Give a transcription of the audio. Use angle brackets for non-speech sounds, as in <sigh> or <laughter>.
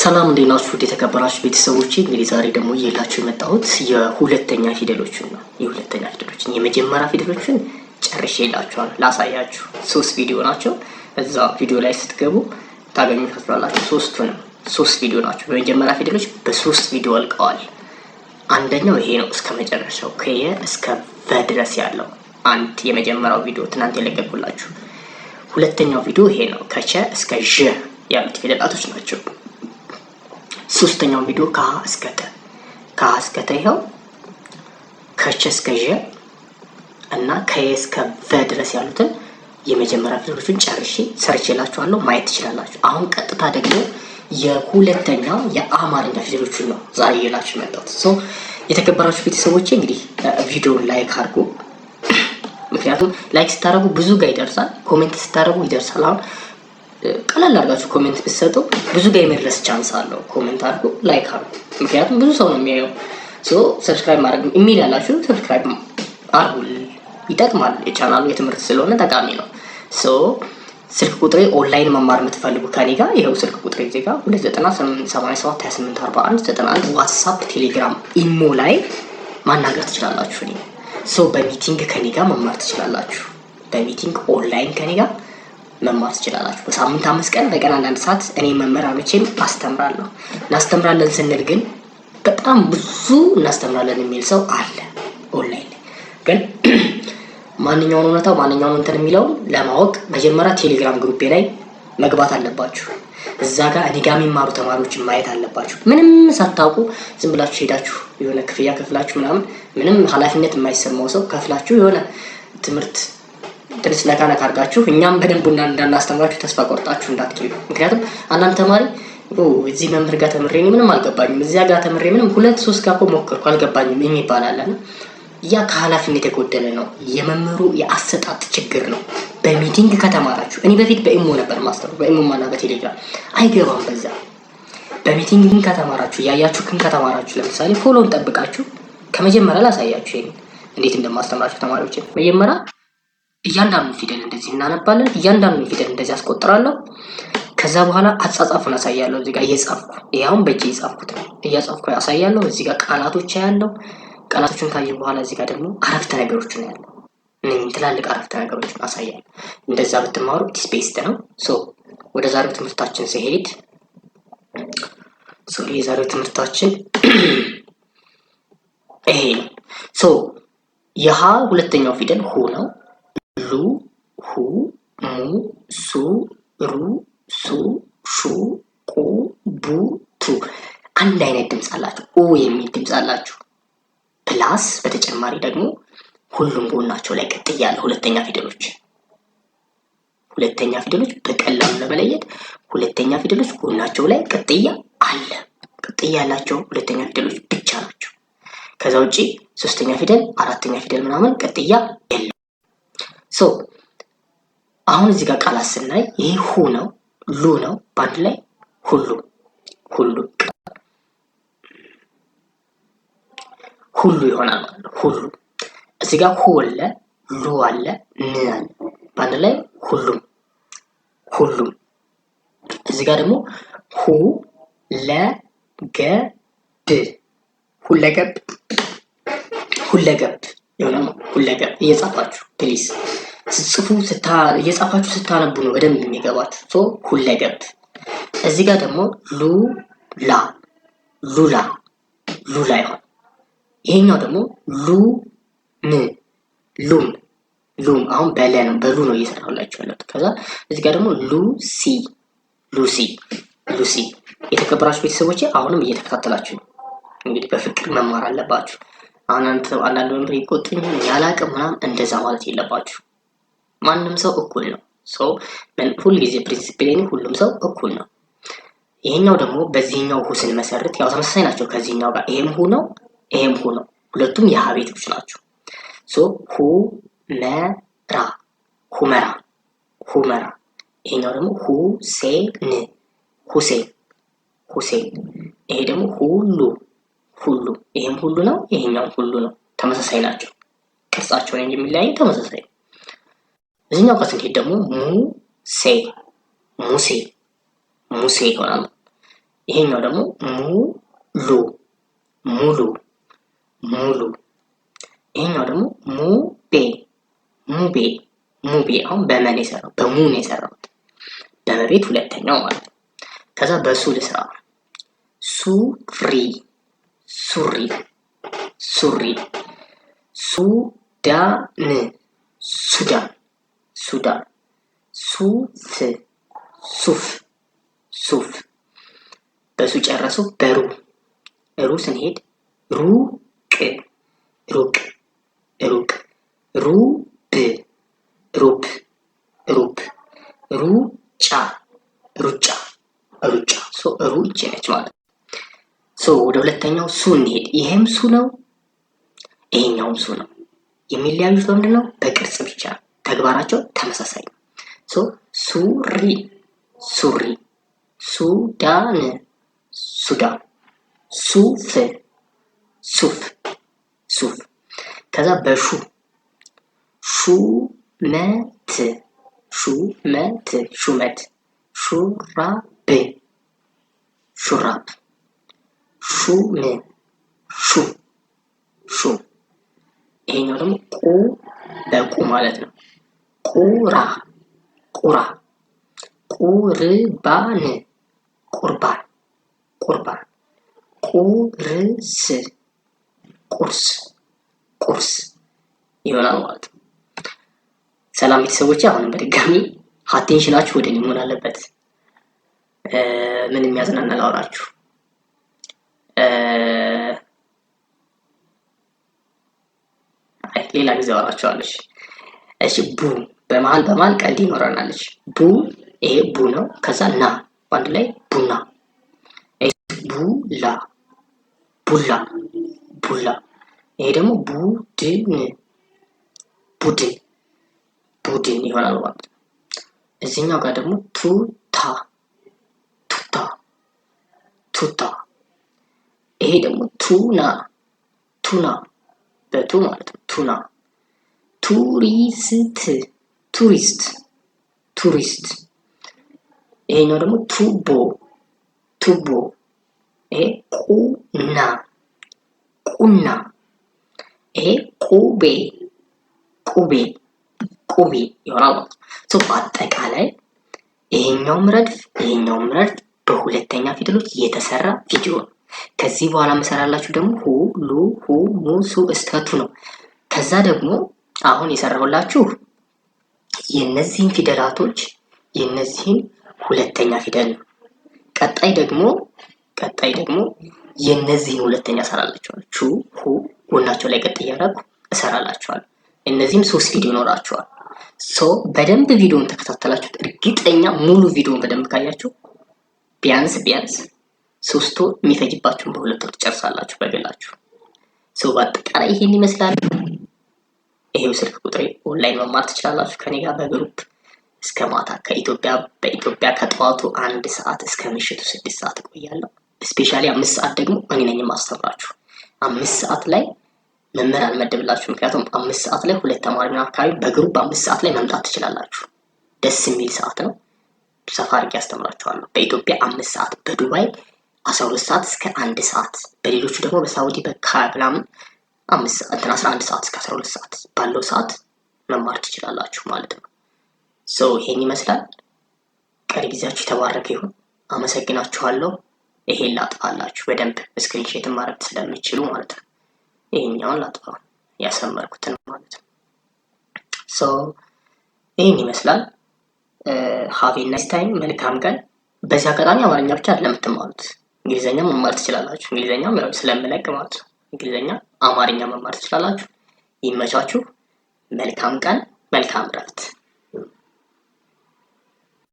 ሰላም እንዴት ናችሁ? የተከበራችሁ ቤተሰቦች እንግዲህ ዛሬ ደግሞ ይዤላችሁ የመጣሁት የሁለተኛ ፊደሎችን ነው። የሁለተኛ ፊደሎችን የመጀመሪያ ፊደሎችን ጨርሼ እላችኋለሁ ላሳያችሁ። ሶስት ቪዲዮ ናቸው። እዛ ቪዲዮ ላይ ስትገቡ ታገኙታላችሁ። ሶስቱንም ሶስት ቪዲዮ ናቸው። በመጀመሪያ ፊደሎች በሶስት ቪዲዮ አልቀዋል። አንደኛው ይሄ ነው፣ እስከ መጨረሻው ከየ እስከ ቨ ድረስ ያለው አንድ የመጀመሪያው ቪዲዮ ትናንት የለቀቁላችሁ። ሁለተኛው ቪዲዮ ይሄ ነው፣ ከቸ እስከ ዥ ያሉት ፊደላቶች ናቸው። ሶስተኛው ቪዲዮ ከሀ እስከ ተ ከሀ እስከ ተ ይኸው ከቸ እስከ ዠ እና ከየ እስከ ቨ ድረስ ያሉትን የመጀመሪያ ፊደሎችን ጨርሼ ሰርቼላችኋለሁ ማየት ትችላላችሁ። አሁን ቀጥታ ደግሞ የሁለተኛው የአማርኛ ፊደሎችን ነው ዛሬ የላችሁ መጣት። የተከበራችሁ ቤተሰቦቼ እንግዲህ ቪዲዮውን ላይክ አድርጉ። ምክንያቱም ላይክ ስታደርጉ ብዙ ጋር ይደርሳል፣ ኮሜንት ስታደርጉ ይደርሳል። አሁን ቀላል አድርጋችሁ ኮሜንት ብትሰጡ ብዙ ጋር የመድረስ ቻንስ አለው። ኮሜንት አድርጉ፣ ላይክ አድርጉ። ምክንያቱም ብዙ ሰው ነው የሚያየው። ሰብስክራይብ ማድረግ የሚል ያላችሁ ሰብስክራይብ አድርጉ፣ ይጠቅማል። የቻናሉ የትምህርት ስለሆነ ጠቃሚ ነው። ስልክ ቁጥሬ ኦንላይን መማር የምትፈልጉ ከኔ ጋር ይኸው ስልክ ቁጥሬ ዜጋ 2987284191 ዋትሳፕ፣ ቴሌግራም፣ ኢሞ ላይ ማናገር ትችላላችሁ። ሰው በሚቲንግ ከኔ ጋር መማር ትችላላችሁ። በሚቲንግ ኦንላይን ከኔ ጋር መማር ትችላላችሁ። በሳምንት አምስት ቀን በቀን አንዳንድ ሰዓት እኔ መምህራኖቼን አስተምራለሁ። እናስተምራለን ስንል ግን በጣም ብዙ እናስተምራለን የሚል ሰው አለ። ኦንላይን ግን <clears throat> ማንኛውን እውነታው ማንኛውን እንትን የሚለው ለማወቅ መጀመሪያ ቴሌግራም ግሩፔ ላይ መግባት አለባችሁ። እዛ ጋር እኔ ጋር የሚማሩ ተማሪዎችን ማየት አለባችሁ። ምንም ሳታውቁ ዝም ብላችሁ ሄዳችሁ የሆነ ክፍያ ከፍላችሁ ምናምን ምንም ኃላፊነት የማይሰማው ሰው ከፍላችሁ የሆነ ትምህርት ትንሽ ነቃ ነቃ አድርጋችሁ እኛም በደንብ እንዳናስተምራችሁ ተስፋ ቆርጣችሁ እንዳትችሉ። ምክንያቱም አንዳንድ ተማሪ እዚህ መምህር ጋር ተምሬ ምንም አልገባኝም፣ እዚያ ጋር ተምሬ ምንም ሁለት ሶስት ጋር ሞክርኩ አልገባኝም የሚባል አለ። ያ ከኃላፊነት የጎደለ ነው። የመምህሩ የአሰጣጥ ችግር ነው። በሚቲንግ ከተማራችሁ እኔ በፊት በኢሞ ነበር ማስተሩ በኢሞ ማና በቴሌግራም አይገባም በዛ በሚቲንግ ግን ከተማራችሁ ያያችሁ ግን ከተማራችሁ ለምሳሌ ፎሎን ጠብቃችሁ ከመጀመሪያ ላሳያችሁ ይሄን እንዴት እንደማስተምራችሁ ተማሪዎችን መጀመሪያ እያንዳንዱን ፊደል እንደዚህ እናነባለን። እያንዳንዱን ፊደል እንደዚህ አስቆጥራለሁ። ከዛ በኋላ አጻጻፉን አሳያለሁ። እዚጋ እየጻፍኩ ይኸውም በእጅ እየጻፍኩት ነው። እያጻፍኩ ያሳያለሁ። እዚጋ ቃላቶች ያለው ቃላቶችን ካየሁ በኋላ እዚጋ ደግሞ አረፍተ ነገሮች ነው ያለው። እነኝም ትላልቅ አረፍተ ነገሮችን አሳያል። እንደዛ ብትማሩ ዲስፔስት ነው። ሶ ወደ ዛሬው ትምህርታችን ሲሄድ ሶሪ የዛሬው ትምህርታችን <clears throat> ይሄ ነው። ሶ የሀ ሁለተኛው ፊደል ሁ ነው። ሉ ሁ ሙ ሱ ሩ ሱ ሹ ቁ ቡ ቱ አንድ አይነት ድምፅ አላቸው። ኡ የሚል ድምፅ አላቸው። ፕላስ በተጨማሪ ደግሞ ሁሉም ጎናቸው ላይ ቅጥያ እያለ ሁለተኛ ፊደሎች ሁለተኛ ፊደሎች በቀላሉ ለመለየት ሁለተኛ ፊደሎች ጎናቸው ላይ ቅጥያ አለ። ቅጥያ ያላቸው ሁለተኛ ፊደሎች ብቻ ናቸው። ከዛ ውጪ ሶስተኛ ፊደል፣ አራተኛ ፊደል ምናምን ቅጥያ የለም። ሶ አሁን እዚህ ጋር ቃላት ስናይ ይህ ሁ ነው፣ ሉ ነው፣ በአንድ ላይ ሁሉ ሁሉ ሁሉ ይሆናል ማለት ነው። ሁሉ እዚህ ጋር ሁ አለ፣ ሉ አለ፣ ን አለ፣ በአንድ ላይ ሁሉም ሁሉም። እዚህ ጋር ደግሞ ሁ ለገብ ገ ብ ሁለገብ ሁለገብ ይሆናል። ሁለገብ እየጻፋችሁ ፕሊስ ጽፉ እየጻፋችሁ ስታነቡ ነው በደንብ የሚገባችሁ። ሶ ሁለገብ። እዚህ ጋር ደግሞ ሉላ ሉላ ሉላ ይሆን። ይሄኛው ደግሞ ሉም ሉም ሉም። አሁን በለ ነው በሉ ነው እየሰራሁላችሁ ያለሁት። ከዛ እዚህ ጋር ደግሞ ሉሲ ሉሲ ሉሲ። የተከበራችሁ ቤተሰቦች አሁንም እየተከታተላችሁ ነው። እንግዲህ በፍቅር መማር አለባችሁ። አንተ አንዳንድ መምህር ይቆጥኝ ያላቅም ምናምን እንደዛ ማለት የለባችሁ። ማንም ሰው እኩል ነው። ሰው ሁልጊዜ ፕሪንሲፕሌን ሁሉም ሰው እኩል ነው። ይህኛው ደግሞ በዚህኛው ሁ ስንመሰርት ያው ተመሳሳይ ናቸው ከዚህኛው ጋር ይሄም ሁ ነው፣ ይሄም ሁ ነው። ሁለቱም የሀ ቤቶች ናቸው። ሶ ሁመራ ሁመራ ሁመራ። ይሄኛው ደግሞ ሁሴን ሁሴን ሁሴን። ይሄ ደግሞ ሁሉ ሁሉ። ይሄም ሁሉ ነው፣ ይሄኛውም ሁሉ ነው። ተመሳሳይ ናቸው። ቅርጻቸው ወይም የሚለያዩ ተመሳሳይ እዚህኛው ጋር ስንሄድ ደግሞ ሙሴ ሙሴ ሙሴ ይሆናል። ይሄኛው ደግሞ ሙሉ ሙሉ ሙሉ። ይሄኛው ደግሞ ሙቤ ሙቤ ሙቤ። አሁን በመን የሰራው በሙን የሰራው በመቤት ሁለተኛው ማለት ከዛ በሱ ልስራ ሱሪ ሱሪ ሱሪ ሱዳን ሱዳን ሱዳን ሱፍ ሱፍ ሱፍ በሱ ጨረሱ። በሩ ሩ ስንሄድ ሩቅ ሩቅ ሩቅ ሩብ ሩብ ሩብ ሩጫ ሩጫ ሩጫ ሶ ሩ ይችላል ማለት ሶ ወደ ሁለተኛው ሱ እንሄድ። ይሄም ሱ ነው፣ ይሄኛውም ሱ ነው። የሚለያዩት በምንድን ነው? በቅርጽ ብቻ ነው። ተግባራቸው ተመሳሳይ ነው። ሱሪ ሱሪ፣ ሱዳን ሱዳን፣ ሱፍ ሱፍ ሱፍ። ከዛ በሹ ሹመት ሹመት ሹመት፣ ሹራብ ሹራብ፣ ሹም ሹ ሹም። ይሄኛው ደግሞ ቁ በቁ ማለት ነው። ቁራ ቁራ ቁርባን ቁርባን ቁርባን ቁርስ ቁርስ ቁርስ ይሆናል ማለት ነው። ሰላም ቤተሰቦች፣ አሁንም በድጋሚ ሀቴን ሽላችሁ ወደ እኔ መሆን አለበት። ምን የሚያዝናና ላውራችሁ ሌላ ጊዜ አወራችኋለች። እሺ ቡ በመሀል በመሀል ቀልድ ይኖረናለች። ቡ ይሄ ቡ ነው። ከዛ ና በአንድ ላይ ቡና። ቡላ ቡላ ቡላ። ይሄ ደግሞ ቡድን ቡድን ቡድን ይሆናል ማለት ነው። እዚህኛው ጋር ደግሞ ቱታ ቱታ ቱታ። ይሄ ደግሞ ቱና ቱና በቱ ማለት ነው ቱና ቱሪስት ቱሪስት ቱሪስት። ይሄኛው ደግሞ ቱቦ ቱቦ። ይሄ ቁና ቁና። ይሄ ቁቤ ቁቤ ቁቤ ይሆናል። በአጠቃላይ ይሄኛውም ረድፍ ይሄኛውም ረድፍ በሁለተኛ ፊደሎች የተሰራ ቪዲዮ ነው። ከዚህ በኋላ መሰራላችሁ ደግሞ ሁ ሉ ሁ ሙ ሱ እስተቱ ነው። ከዛ ደግሞ አሁን የሰራሁላችሁ የነዚህን ፊደላቶች የነዚህን ሁለተኛ ፊደል ነው። ቀጣይ ደግሞ ቀጣይ ደግሞ የነዚህን ሁለተኛ እሰራላችኋለሁ። ቹ ሁ ጎናቸው ላይ ቀጥ እያደረኩ እሰራላችኋለሁ። እነዚህም ሶስት ቪዲዮ ይኖራችኋል። ሶ በደንብ ቪዲዮን ተከታተላችሁት እርግጠኛ ሙሉ ቪዲዮን በደንብ ካያችሁ ቢያንስ ቢያንስ ሶስት ወር የሚፈጅባችሁን በሁለት ወር ትጨርሳላችሁ በግላችሁ። ሶ በአጠቃላይ ይሄን ይመስላል። ይሄው ስልክ ቁጥሬ ኦንላይን መማር ትችላላችሁ ከኔ ጋር በግሩፕ እስከ ማታ ከኢትዮጵያ በኢትዮጵያ ከጠዋቱ አንድ ሰዓት እስከ ምሽቱ ስድስት ሰዓት እቆያለሁ። ስፔሻሊ አምስት ሰዓት ደግሞ እኔ ነኝ ማስተምራችሁ። አምስት ሰዓት ላይ መምህር አልመደብላችሁ። ምክንያቱም አምስት ሰዓት ላይ ሁለት ተማሪ ምን አካባቢ በግሩፕ አምስት ሰዓት ላይ መምጣት ትችላላችሁ። ደስ የሚል ሰዓት ነው። ሰፋ አድርጌ አስተምራችኋለሁ። በኢትዮጵያ አምስት ሰዓት፣ በዱባይ አስራ ሁለት ሰዓት እስከ አንድ ሰዓት፣ በሌሎቹ ደግሞ በሳውዲ በካ አምስት ሰዓት አስራ አንድ ሰዓት እስከ አስራ ሁለት ሰዓት ባለው ሰዓት መማር ትችላላችሁ ማለት ነው። ሶ ይሄን ይመስላል። ቀሪ ጊዜያችሁ የተባረከ ይሁን። አመሰግናችኋለሁ። ይሄን ላጥፋላችሁ በደንብ ስክሪንሾት ማድረግ ስለምችሉ ማለት ነው። ይሄኛውን ላጥፋ ያሰመርኩትን ማለት ነው። ይህን ይመስላል። ሀቪ ናይስ ታይም፣ መልካም ቀን። በዚህ አጋጣሚ አማርኛ ብቻ አይደለም የምትማሩት እንግሊዝኛም መማር ትችላላችሁ። እንግሊዝኛም ስለምለቅ ማለት ነው። እንግሊዝኛ፣ አማርኛ መማር ትችላላችሁ። ይመቻችሁ። መልካም ቀን፣ መልካም እረፍት።